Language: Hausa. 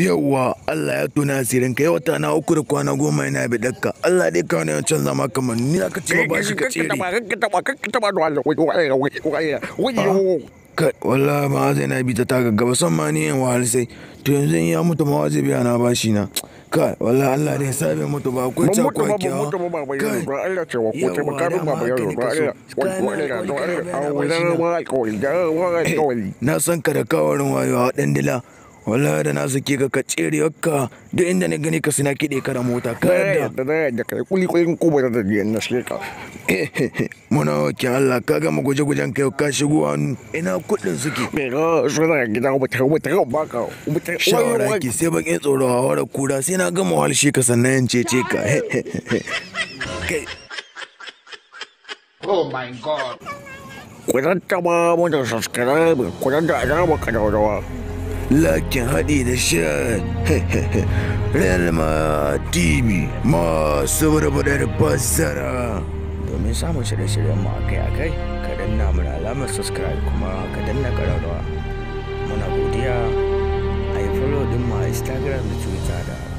yawwa Allah ya tona asirin ka wata na uku da kwana goma yana bi dakka Allah dai ka wani wancan zama kamar ni aka ce ba shi ka tsere wallahi ma zai na bi ta taga gaba son ma ni yin wahal sai to yanzu in ya mutu ma wajibi na bashi na kai wallahi Allah ne sabe mutu ba ko ta ko kiya mutu ba ba ba Allah ce wa ko ta ba karu ba ba yaro ba Allah wa wa Allah na san ka da kawarin wayo a dan dila wallahi da na suke ka kacere ka duk inda na gani ka suna kiɗe ka da mota ka da da yadda kai kuli ko ba da da na shi ka mona ke Allah ka gama guje gujen kai ka shigo hannu ina kuɗin suke me ga shi da gida ba ta ba ta ba ka shawara ki sai bakin tsoro a wara kura sai na gama halshe ka sannan yancece ka kai oh my god ku ba mu da subscribe ku rantama ka da rawa lakin haɗi da sha Real TV masu barbarar fassara. Domin samun shirye-shiryen mu akai-akai, ka danna mana alamar subscribe kuma ka danna ƙararrawa. Muna godiya a yi follow din mu a Instagram da Twitter da